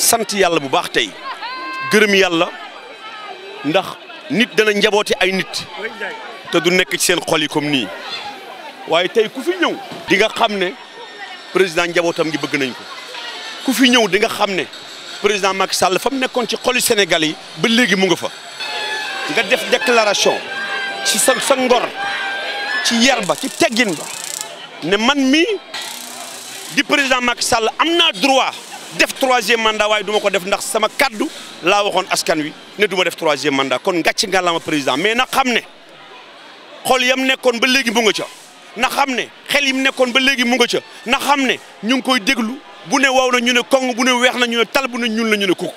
sant yàlla bu baax tey gërëm yàlla ndax nit dana njaboote ay nit te du nekk ci seen xol yi comme nii waaye tey ku fi ñëw di nga xam ne président njabootam ngi bëgg nañ ko ku fi ñëw di nga xam ne président Macky Sall fa mu nekkoon ci xolu Sénégal ba léegi mu nga fa nga def déclaration ci sa sa ngor ci yar ba ci teggin ba ne man mi di président Macky Sall am naa droit def troisième mandat waaye du ma ko def ndax sama kaddu laa waxoon askan wi ne du ma def troisième mandat kon ngàcc ngàllama président mais na xam ne xol yam nekkoon ba léegi mu nga ca na xam ne xel yim nekkoon ba léegi mu nga ca na xam ne ñu ngi koy déglu bu ne wow na ñu ne kong bu ne weex na ñu ne tal bu ne ñuul ñu ne kuk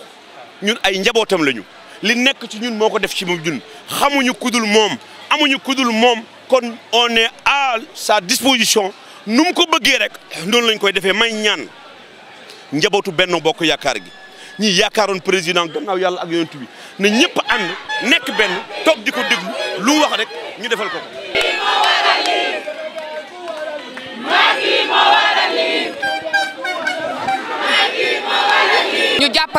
ñun ay njabootam lañu li nekk ci ñun moo ko def ci moom ñun xamuñu kudul moom amuñu kudul moom kon on est à sa disposition nu mu ko bëggee rek noonu lañ koy defee may ñaan njabootu benn bokk yaakaar gi ñi yaakaaroon président gannaaw yàlla ak yonent bi na ñëpp ànd nekk benn toog di ko déglu lu wax rek ñu defal ko.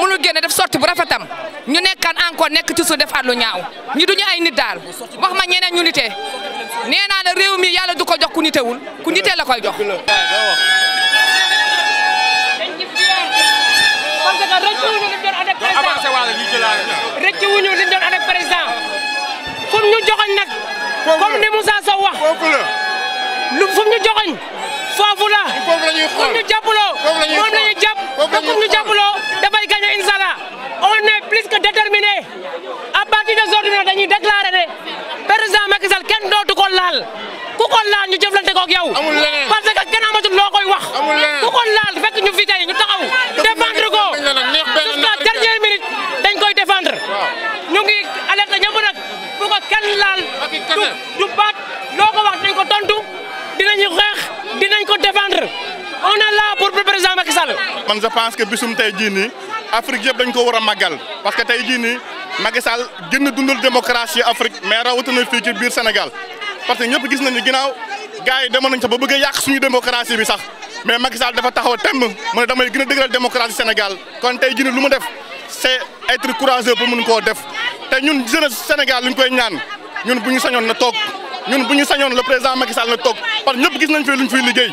mënul génne def sorti bu rafetam ñu nekkaan encore nekk ci suuf defaat lu ñaaw ñi duñu ay nit daal wax ma ñeneen ñu nitee nee naa la réew mi yàlla du ko jox ku nitewul ku nitee la koy jox. rëcc wuñu li ñu doon ànd ak président fu ñu joxoñ nag. comme ni Moussa fu ñu joxoñ foofu la. foofu ñu jàppaloo. moom la ñuy jàpp te fu mu koy gagné incha allah on est plus que déterminé à partir de aujourd'hui nag dañuy déclaré ne président Macky Sall kenn dootu ko laal ku ko laal ñu jëflante koog yow. amul parce que kenn amatul loo koy wax. ku ko laal fekk ñu fi tey ñu taxaw. défendre ko jusqu'à dernière minute dañ koy défendre. ñu ngi alerte ñëpp nag bu ko kenn laal. du du baat loo ko wax dinañ ko tontu dinañu xeex dinañ ko défendre on est là pour le Afrique yëpp dañ ko war a màggal parce que tey jii nii Macky Sall gën a dundal démocratie Afrique mais rawatina fii ci biir Sénégal parce que ñëpp gis nañu ginaaw gars yi demoon nañ sax ba bëgg a yàq suñu démocratie bi sax mais Macky Sall dafa taxaw temm mu ne damay gën a dëgëral démocratie kon tey jii nii lu mu def c'est être courageux pour mun koo def te ñun jeunesse Sénégal luñ koy ñaan ñun bu ñu sañoon na toog ñun bu ñu sañoon le président Macky Sall na toog parce que ñëpp gis nañ fi luñ liggéey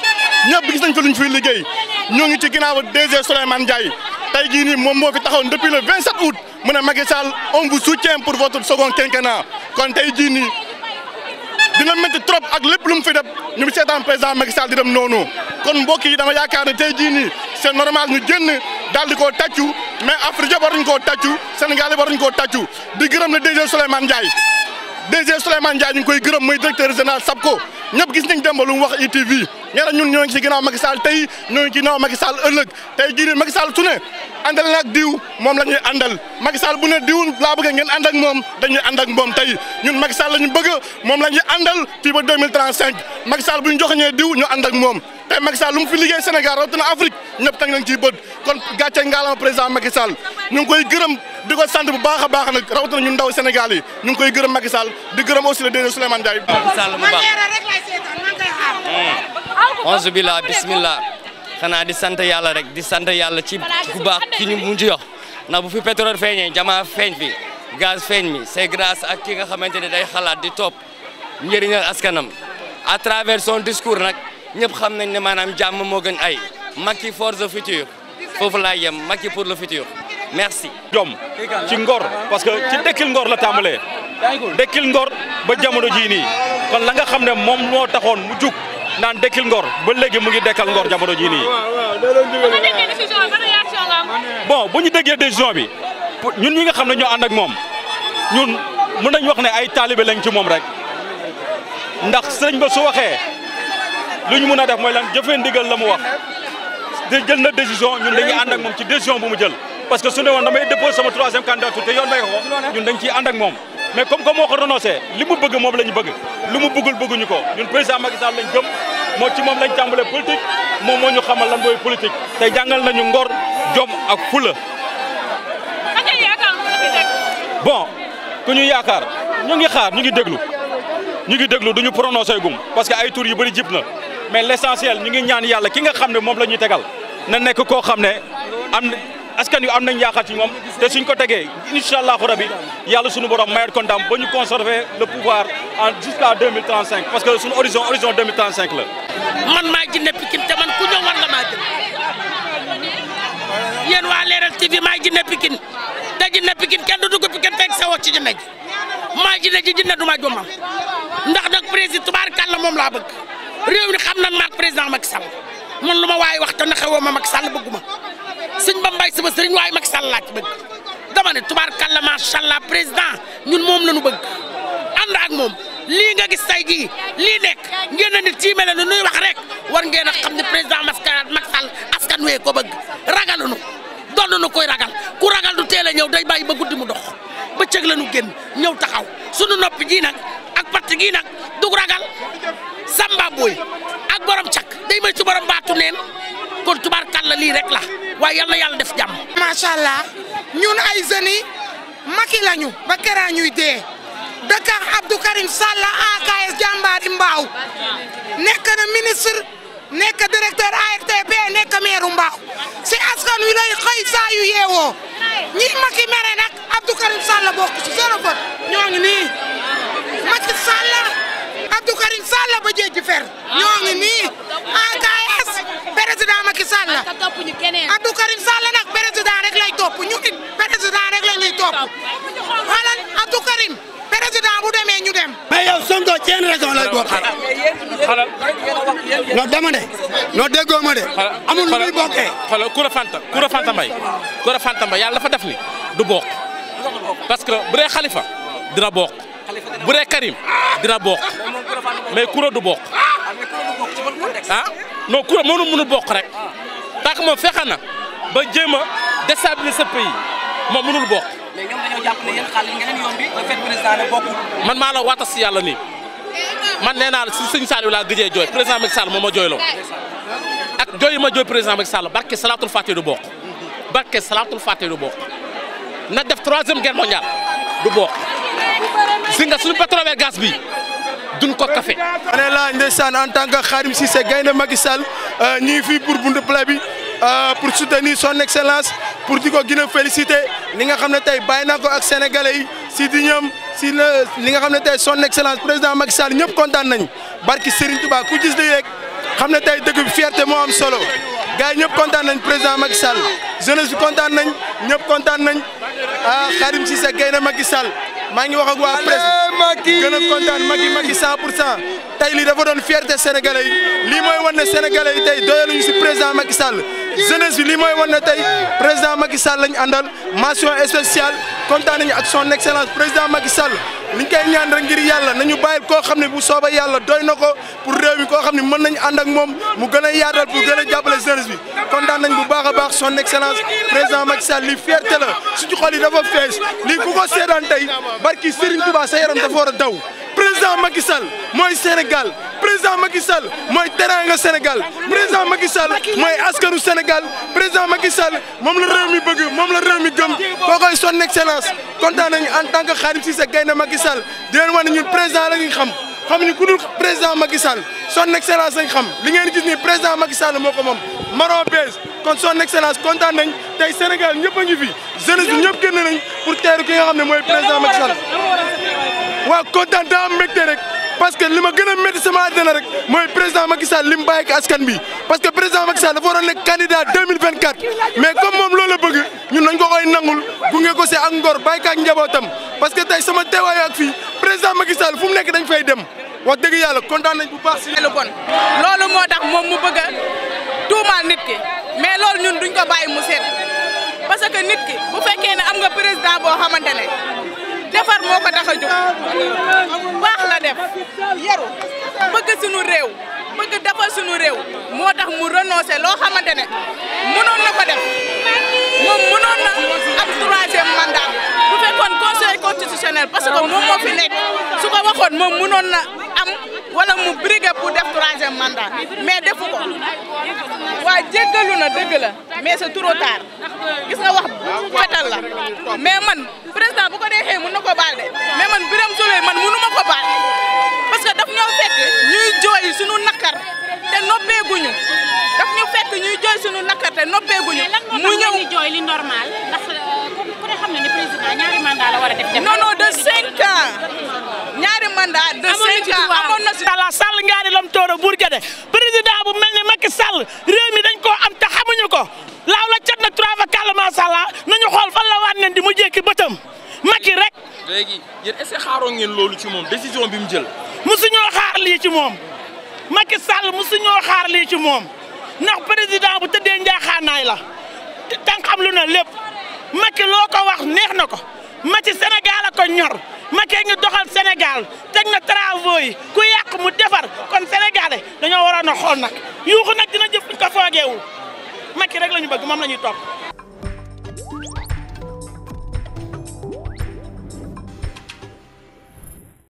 ñëpp gis nañ fi luñ fiy liggéey ñoo ngi ci ginnaaw DG Souleymane Ndiaye tey jii nii moom moo fi taxawoon depuis le 27 août mu ne Macky Sall on vous soutient pour votre second quinquennat kon tey jii nii dina métti trop ak lépp lu mu fi def ñu ngi seetaan président Macky Sall di dem noonu kon mbokk yi dama yaakaar ne tey jii nii c'est normal ñu génn daal di koo tàccu mais Afrique yëpp war nañu koo tàccu Sénégal yëpp war nañu koo tàccu di gërëm le DG Souleymane Ndiaye DG Souleymane Ndiaye ñu ngi koy gërëm muy directeur général SAPCO ñëpp gis nañ démb lu mu wax ñeneen ñun ñoo ngi ci ginnaaw Macky Sall tey ñoo ngi ci ginnaaw Macky Sall ëllëg tey jii nii Macky Sall ne àndal nag diw moom la ñuy àndal Macky Sall bu ne diw laa bëgg ngeen ànd ak moom dañuy ànd ak moom tey ñun Macky Sall la ñu bëgg moom la ñuy àndal fii ba 2035 Macky Sall bu ñu joxeñee diw ñu ànd ak moom tey Macky Sall lu mu fi liggéey Sénégal rawatina Afrique ñëpp teg nañ ciy bët kon gàcce ngaalama président Macky Sall ñu ngi koy gërëm di ko sant bu baax a baax nag rawatina ñun ndaw Sénégal yi ñu ngi koy gërëm Macky Sall di gërëm aussi le DG Souleymane onze billah bismillah xanaa di sant yàlla rek di sant yàlla ci ku baax ki ñu mujj yox nax bu fi pétrole feeñee jamaa feeñ fi gaz feeñ mi c'est grâce ak ki nga xamante ne day xalaat di topp njëriñal askanam à travers son discours nag ñëpp xam nañ ne maanaam jàmm moo gën ay Macky for the future foofu laay yem Macky pour le futur merci jom ci ngor parce que ci dëkkil ngor la tàmbalee dëkkil ngor ba jamono jii nii kon la nga xam ne moom moo taxoon mu jug naan dekkil ngor ba léegi mu ngi dekkal ngor jamono jii nii. bon bu ñu déggee décision bi ñun ñi nga xam ne ñoo ànd moom ñun mën nañ wax ne ay taalibe lañ ci moom rek ndax sëñ soo su waxee lu ñu mën a def mooy lan jëfee ndigal la mu wax di jël na décision ñun dañuy ànd moom ci décision bu mu jël. parce que su ne woon sama troisième candidature te yoon may ko ñun dañ ciy ànd moom mais comme que moo ko li mu bëgg moom la ñu bëgg. lu mu bëggul bëgguñu ko ñun président Macky Sall lañ gëm moo ci moom lañ tàmbalee politique moom moo ñu xamal lan mooy politique te jàngal nañu ngor jom ak fula. bon ku ñu yaakaar ñu ngi xaar ñu ngi déglu ñu ngi déglu duñu ñu prononcé gum parce que ay tur yu bari jib na mais l' essentiel ñu ngi ñaan yàlla ki nga xam ne moom la ñuy tegal na nekk koo xam ne am askan yu am nañ yaakaar ci moom te suñ ko tegee incha allahu rabi yàlla suñu borom mayat ko ndam ba ñu conserver le pouvoir en jusqu'à 2035 parce que suñu horizon horizon 2035 la. man maa jinne Pikine te man ku ñëw war nga maa jël waa Leral TV maa jinne Pikine te jinne Pikine kenn du dugg Pikine teg sa wax ci jinne ji maa jinne ji jinne du ma jommal ndax nag président tubaarkàlla moom laa bëgg réew mi xam nañ maak président Macky Sall man lu ma waay wax te na xewoo ma Macky Sall bëgguma sëñ Bambaye sama sëriñ waaye Macky Sall laa ci bëgg dama ne tubaarkàlla macha allah président ñun moom la ñu bëgg ànd ak moom lii nga gis tay jii lii nekk ngeen na nit tiimale nu nuy wax rek war ngeen a xam ne président maskaraat Macky Sall askan wee ko bëgg ragaluñu donnu koy ragal ku ragal du teel a ñëw day bàyyi ba guddi mu dox bëccëg la ñu génn ñëw taxaw sunu noppi ji nag ak patt gi nag dug ragal samba booy ak borom cak day may ci borom baatu neen kon tubaarkàlla lii rek la waaye yal na yàlla def jàmm. macha allah ñun ay jeunes yi ba keraa dee dëkk Abdou Karim Sall AKS jàmbaari Mbaaw nekk na ministre nekk directeur ARTP nekk meeru Mbaaw si askan wi lay xëy saa yeewoo ñi maki mere nag Abdou Karim Sall bokk ci zéro ñoo ngi nii Macky Sall Abdou Karim ba jéggi fer ñoo ngi nii AKS. président Macky Sall la Abdou Karim Sall nag président rek lay topp ñu it président rek lañ lay topp xoolal Karim président bu demee ñu dem. mais yow Sonko ci yenn région lay bokk. xalal non dama ne. non déggoo ma de. amul lu muy bokkee. xalal Koura Fanta Koura Fanta Mbaye Koura Fanta yàlla dafa def ni du bokk parce que bu dee Khalifa dina bokk bu Karim dina bokk mais Koura du bokk. ah non kuréel mënu mënu bokk rek tànk moo fexe na ba jéem a déstabiliser sa pays moom mënul bokk. mais ñoom dañoo man maa la waata si yàlla nii man nee naa la si sëñ Saliou laa gëjee jooy président Macky Sall moo ma jooyloo ak jooy yi ma jooy président Macky Sall barke salaatul fàtte du bokk barke salaatul fàtte du bokk na def troisième guerre du bokk si nga suñu pétrole gaz duñ ko kafe. ma ne la ndeysaan en tant que si se gaynde Macky Sall euh, ñu ngi fii pour buntu palais bi euh, pour soutenir son excellence pour di ko gën a féliciter li nga xam ne tey bàyyi naa ko ak sénégalais yi si di ñoom si li nga xam ne tey son excellence président Macky Sall ñëpp kontaan nañ barki Serigne Touba ku gis lii rek xam ne tey dëgg fierté moo am solo gars yi ñëpp kontaan nañ président Macky Sall jeunesse kontaan nañ ñëpp kontaan nañ ah si Cissé gaynde Macky Sall maa ngi wax ak waa presse gën a kontaan Macky Macky 100 pour cent tey lii dafa doon fierté sénégalais yi lii mooy wan ne sénégalais yi tey doyaluñu si président Macky Sall jeunesse bi lii mooy wan ne tey président Macky Sall lañ àndal mention spéciale kontaan nañu ak son excellence président Macky Sall. li ñu koy ñaan rek ngir yàlla nañu bàyyil koo xam ne bu sooba yàlla doy na ko pour réew mi koo xam ne mën nañu ànd ak moom mu gën a yaatal pour gën a jàppale jeunesse bi kontaan nañ bu baax a baax son excellence président Macky Sall lii fierté la yi dafa fees lii ku ko seedaan tey barki Serigne Touba sa dafa war a daw président Macky Sall mooy Sénégal président Macky Sall mooy teraanga Sénégal président Macky Sall mooy askanu Sénégal président Macky Sall moom la réew mi bëgg moom la réew mi gëm koo koy son excellence kontaan nañu en tant que Khadim Cissé Gaynde Macky Sall di leen wax ne ñun président la ñu xam xam ñu ku dul président Macky Sall son excellence lañ xam li ngeen gis nii président Macky moo ko moom maro bes kon son excellence kontaan nañ tey Sénégal ñëpp a ngi fi jeunesse bi ñëpp génn teeru ki nga xam ne mooy président Macky Sall waaw kontaan daa parce que li ma gën a métti sama àddina rek mooy président Macky Sall li mu bàyyi ak askan bi parce que président Macky Sall dafa waroon nekk candidat 2024 mais comme moom loolu la bëgg ñun nañ ko koy nangul gunge ko si ak ngor bàyyi ko ak njabootam parce que tey sama teewaayu ak fii président Macky Sall fu nekk dañ fay dem wax dëgg yàlla kontaan nañ bu baax si lu bon loolu moo tax moom mu bëgg a tuumaal nit ki mais loolu ñun duñ ko bàyyi mu seet parce que nit ki bu fekkee ne am nga président boo xamante defar moo ko tax a jóg la def yaru bëgg suñu réew bëgg defar suñu réew moo tax mu renoncé loo xamante ne mënoon na ko def moom mënoon na am troisième mandat bu fekkoon conseil constitutionnel parce que moom moo fi nekk su ko waxoon moom mënoon am wala mu briguer pour def troisième mandat mais defu ko waa jéggalu na dëgg la mais c'est trop tard gis nga wax fetal la mais man président bu ko neexee mën na ko baal de mais man Birame Souleye man mënu ma ko baal parce que daf ñoo fekk ñuy jooy suñu nakar te noppeeguñu daf ñu fekk ñuy jooy suñu nakar te noppeeguñu. mu ñëw mais lan moo tax jooy li normal ndax euh, ku ñaari mandat la a def. non de cinq ans ñaari mandat na si. Sall ngaari lam tooro Bourguédé président bu mel ni Macky Sall réew xaaroon ngeen loolu ci moom décision bi mu jël. musuñoo xaar lii ci moom Macky Sall musuñoo xaar lii ci moom ndax président bu tëddee njaaxaanaay la te xam lu na lépp Macky loo ko wax neex na ko Macky Sénégal a ko ñor Macky ngi doxal senegal teg na travaux yi ku yàq mu defar kon sénégalais dañoo waroon a xool nag yuuxu nag dina jëf ko foogeewul Macky rek la ñu bëgg moom la ñuy topp.